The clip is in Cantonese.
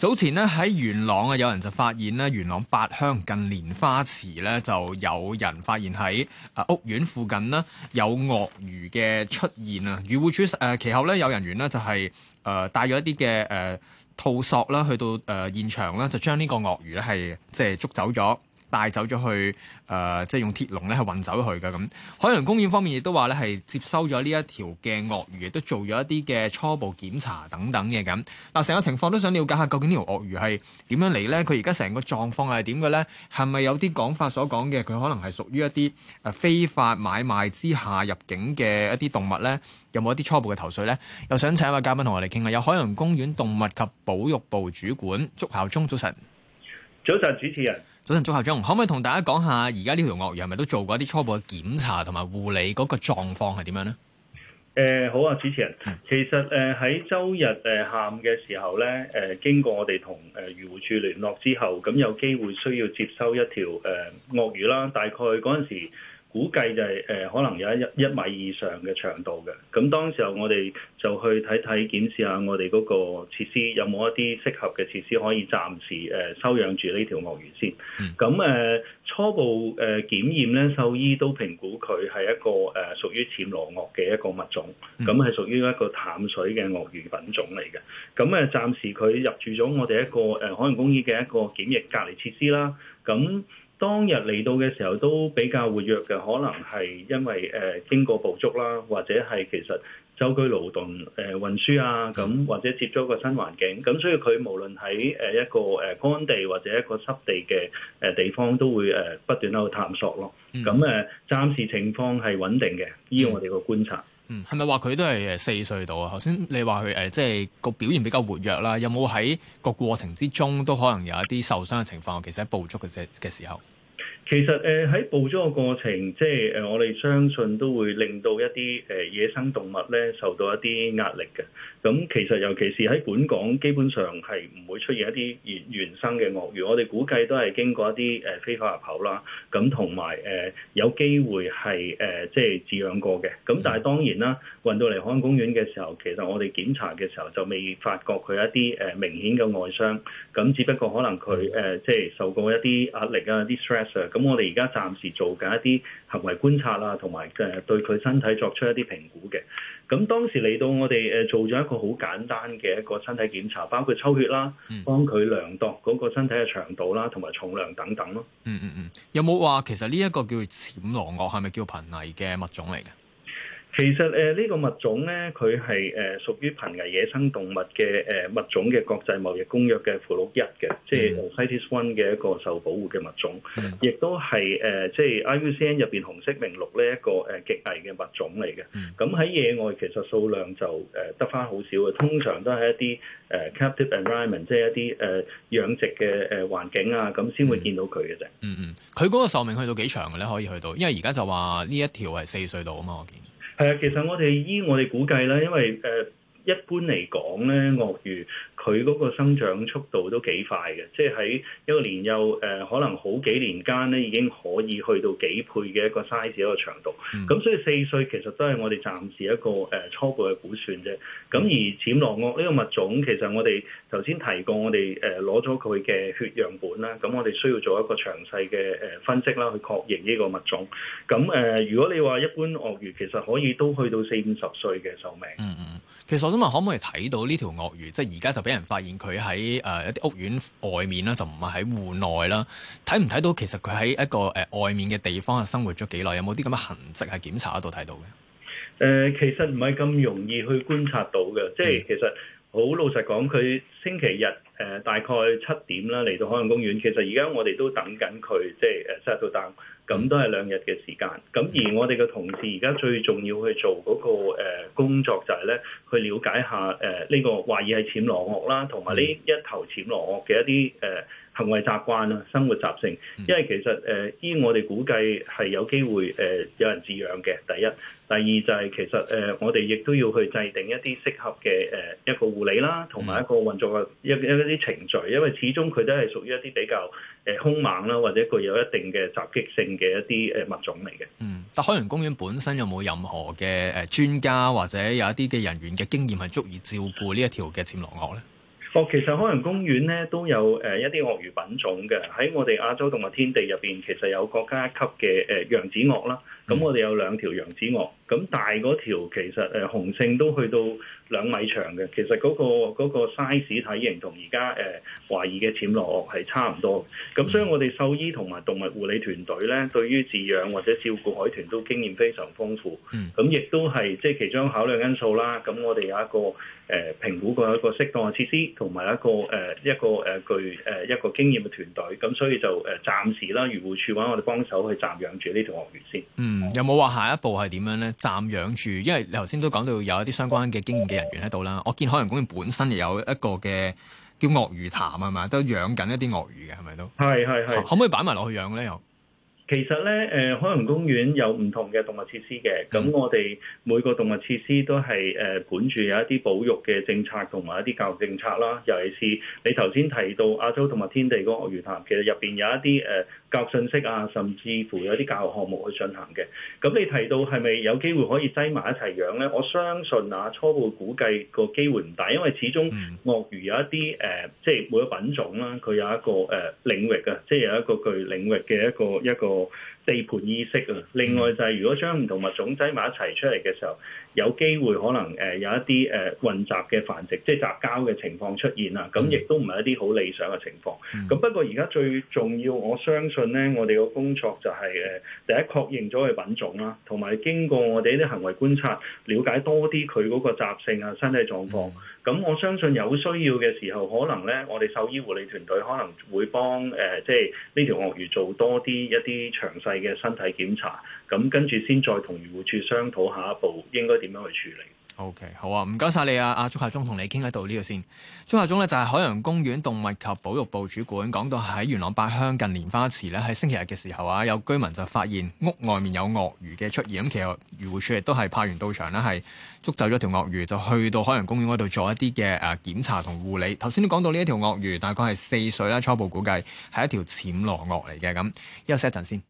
早前咧喺元朗啊，有人就發現咧元朗八鄉近蓮花池咧，就有人發現喺啊屋苑附近啦有鱷魚嘅出現啊！漁護署誒其後咧有人員咧就係誒帶咗一啲嘅誒套索啦，去到誒、呃、現場咧就將呢個鱷魚咧係即係捉走咗。帶走咗去，誒、呃，即係用鐵籠咧，係運走佢嘅咁。海洋公園方面亦都話咧，係接收咗呢一條嘅鱷魚，亦都做咗一啲嘅初步檢查等等嘅咁。嗱，成個情況都想了解下，究竟呢條鱷魚係點樣嚟呢？佢而家成個狀況係點嘅呢？係咪有啲講法所講嘅，佢可能係屬於一啲誒非法買賣之下入境嘅一啲動物呢？有冇一啲初步嘅頭緒呢？又想請一位嘉賓同我哋傾下，有海洋公園動物及保育部主管祝效忠早晨。早晨，主持人。早晨，祝校長，可唔可以同大家講下而家呢條鱷魚係咪都做過一啲初步嘅檢查同埋護理嗰個狀況係點樣呢？誒、呃，好啊，主持人，嗯、其實誒喺周日誒、呃、下午嘅時候咧，誒、呃、經過我哋同誒漁護處聯絡之後，咁有機會需要接收一條誒鱷魚啦，大概嗰陣時。估計就係、是、誒、呃、可能有一一米以上嘅長度嘅，咁當時候我哋就去睇睇檢視下我哋嗰個設施有冇一啲適合嘅設施可以暫時誒、呃、收養住呢條鱷魚先。咁誒、嗯呃、初步誒、呃、檢驗咧，獸醫都評估佢係一個誒、呃、屬於暹羅鱷嘅一個物種，咁係屬於一個淡水嘅鱷魚品種嚟嘅。咁誒、呃、暫時佢入住咗我哋一個誒海洋公園嘅一個檢疫隔離設施啦。咁當日嚟到嘅時候都比較活躍嘅，可能係因為誒、呃、經過捕捉啦，或者係其實舟車勞頓誒運輸啊，咁或者接觸一個新環境，咁、啊、所以佢無論喺誒一個誒乾地或者一個濕地嘅誒地方，都會誒、呃、不斷喺度探索咯。咁、啊、誒暫時情況係穩定嘅，依我哋個觀察。嗯，係咪話佢都係誒四歲到啊？頭先你話佢誒即係個表現比較活躍啦，有冇喺個過程之中都可能有一啲受傷嘅情況？其實喺捕捉嘅時嘅時候。其實誒喺捕捉嘅過程，即係誒我哋相信都會令到一啲誒野生動物咧受到一啲壓力嘅。咁其實尤其是喺本港，基本上係唔會出現一啲原原生嘅鱷魚，我哋估計都係經過一啲誒非法入口啦。咁同埋誒有機會係誒即係飼養過嘅。咁但係當然啦，運到嚟海洋公園嘅時候，其實我哋檢查嘅時候就未發覺佢一啲誒明顯嘅外傷。咁只不過可能佢誒即係受過一啲壓力啊，啲 stress 啊。咁我哋而家暫時做緊一啲行為觀察啦，同埋誒對佢身體作出一啲評估嘅。咁當時嚟到我哋誒做咗一個好簡單嘅一個身體檢查，包括抽血啦，幫佢量度嗰個身體嘅長度啦，同埋重量等等咯、嗯。嗯嗯嗯，有冇話其實呢一個叫暹羅鱷，係咪叫瀕危嘅物種嚟嘅？其實誒呢個物種咧，佢係誒屬於瀕危野生動物嘅誒物種嘅國際貿易公約嘅附錄一嘅，即係 CITES One 嘅一個受保護嘅物種，亦都係誒即係 IUCN 入邊紅色名錄呢一個誒極危嘅物種嚟嘅。咁喺、 嗯、野外其實數量就誒得翻好少嘅，通常都係一啲誒 captive environment，即係一啲誒養殖嘅誒環境啊，咁先會見到佢嘅啫。嗯嗯，佢嗰個壽命去到幾長嘅咧？可以去到，因為而家就話呢一條係四歲度啊嘛，我見。係啊，其實我哋依我哋估計咧，因為誒。呃一般嚟講咧，鱷魚佢嗰個生長速度都幾快嘅，即係喺一個年幼誒、呃，可能好幾年間咧已經可以去到幾倍嘅一個 size 一個長度。咁、嗯、所以四歲其實都係我哋暫時一個誒、呃、初步嘅估算啫。咁、嗯、而暹羅鱷呢個物種其實我哋頭先提過我，我哋誒攞咗佢嘅血樣本啦。咁我哋需要做一個詳細嘅誒分析啦，去確認呢個物種。咁誒、呃，如果你話一般鱷魚其實可以都去到四五十歲嘅壽命。嗯嗯。其實我想問，可唔可以睇到呢條鱷魚？即係而家就俾人發現佢喺誒一啲屋苑外面啦，就唔係喺戶內啦。睇唔睇到，其、呃有有到，到呃？其實佢喺一個誒外面嘅地方係生活咗幾耐？有冇啲咁嘅痕跡係檢查得到睇到嘅？誒，其實唔係咁容易去觀察到嘅。嗯、即係其實好老實講，佢星期日誒、呃、大概七點啦嚟到海洋公園。其實而家我哋都等緊佢，即係誒 set to 咁都係兩日嘅時間，咁而我哋嘅同事而家最重要去做嗰、那個誒、呃、工作就係咧，去了解下誒呢、呃這個懷疑係暹羅鱷啦，同埋呢一頭暹羅鱷嘅一啲誒。呃行為習慣啦，生活習性，因為其實誒、呃、依我哋估計係有機會誒、呃、有人飼養嘅。第一，第二就係、是、其實誒、呃、我哋亦都要去制定一啲適合嘅誒、呃、一個護理啦，同、啊、埋一個運作嘅、呃、一一啲程序，因為始終佢都係屬於一啲比較誒兇、呃、猛啦，或者具有一定嘅襲擊性嘅一啲誒物種嚟嘅。嗯，但海洋公園本身有冇任何嘅誒專家或者有一啲嘅人員嘅經驗係足以照顧呢一條嘅潛龍鱷咧？哦，其實海洋公園咧都有誒一啲鱷魚品種嘅，喺我哋亞洲動物天地入邊，其實有國家一級嘅誒揚子鱷啦，咁我哋有兩條揚子鱷。咁大嗰條其實誒雄、呃、性都去到兩米長嘅，其實嗰、那個 size、那個、體型同而家誒懷疑嘅暹羅鱷係差唔多，咁所以我哋獸醫同埋動物護理團隊咧，對於飼養或者照顧海豚都經驗非常豐富，咁亦、嗯、都係即係其中考慮因素啦。咁我哋有一個誒、呃、評估過一個適當嘅設施，同埋一個誒、呃、一個誒、呃、具誒、呃、一個經驗嘅團隊。咁所以就誒暫時啦，漁護處揾我哋幫手去暫養住呢條鱷魚先。嗯，有冇話下一步係點樣咧？暫養住，因為你頭先都講到有一啲相關嘅經驗嘅人員喺度啦。我見海洋公園本身亦有一個嘅叫鱷魚潭係咪？都養緊一啲鱷魚嘅，係咪都？係係係。可唔可以擺埋落去養咧？又？其實咧，誒海洋公園有唔同嘅動物設施嘅，咁我哋每個動物設施都係誒、呃、管住有一啲保育嘅政策同埋一啲教育政策啦。尤其是你頭先提到亞洲動物天地嗰個鱷魚潭，其實入邊有一啲誒、呃、教育信息啊，甚至乎有啲教育項目去進行嘅。咁你提到係咪有機會可以擠埋一齊養咧？我相信啊，初步估計個機會唔大，因為始終鱷魚有一啲誒、呃，即係每個品種啦，佢有一個誒、呃、領域嘅，即係有一個佢領域嘅一個一個。一個一個一個地盤意識啊！另外就係、是、如果將唔同物種擠埋一齊出嚟嘅時候，有機會可能誒有一啲誒混雜嘅繁殖，即係雜交嘅情況出現啊！咁亦都唔係一啲好理想嘅情況。咁、嗯、不過而家最重要，我相信咧，我哋個工作就係、是、誒第一確認咗佢嘅品種啦，同埋經過我哋一啲行為觀察，了解多啲佢嗰個習性啊、身體狀況。咁、嗯、我相信有需要嘅時候，可能咧我哋獸醫護理團隊可能會幫誒、呃、即係呢條鱷魚做多啲一啲。詳細嘅身體檢查，咁跟住先再同漁護署商討下一步應該點樣去處理。O.K. 好啊，唔該晒你啊，阿祝效忠同你傾喺度呢個先。祝效忠咧就係、是、海洋公園動物及保育部主管。講到喺元朗八鄉近蓮花池咧，喺星期日嘅時候啊，有居民就發現屋外面有鱷魚嘅出現。咁其實漁護署亦都係派員到場咧，係捉走咗條鱷魚，就去到海洋公園嗰度做一啲嘅誒檢查同護理。頭先都講到呢一條鱷魚，大概係四歲啦，初步估計係一條暹羅鱷嚟嘅。咁，休息一陣先。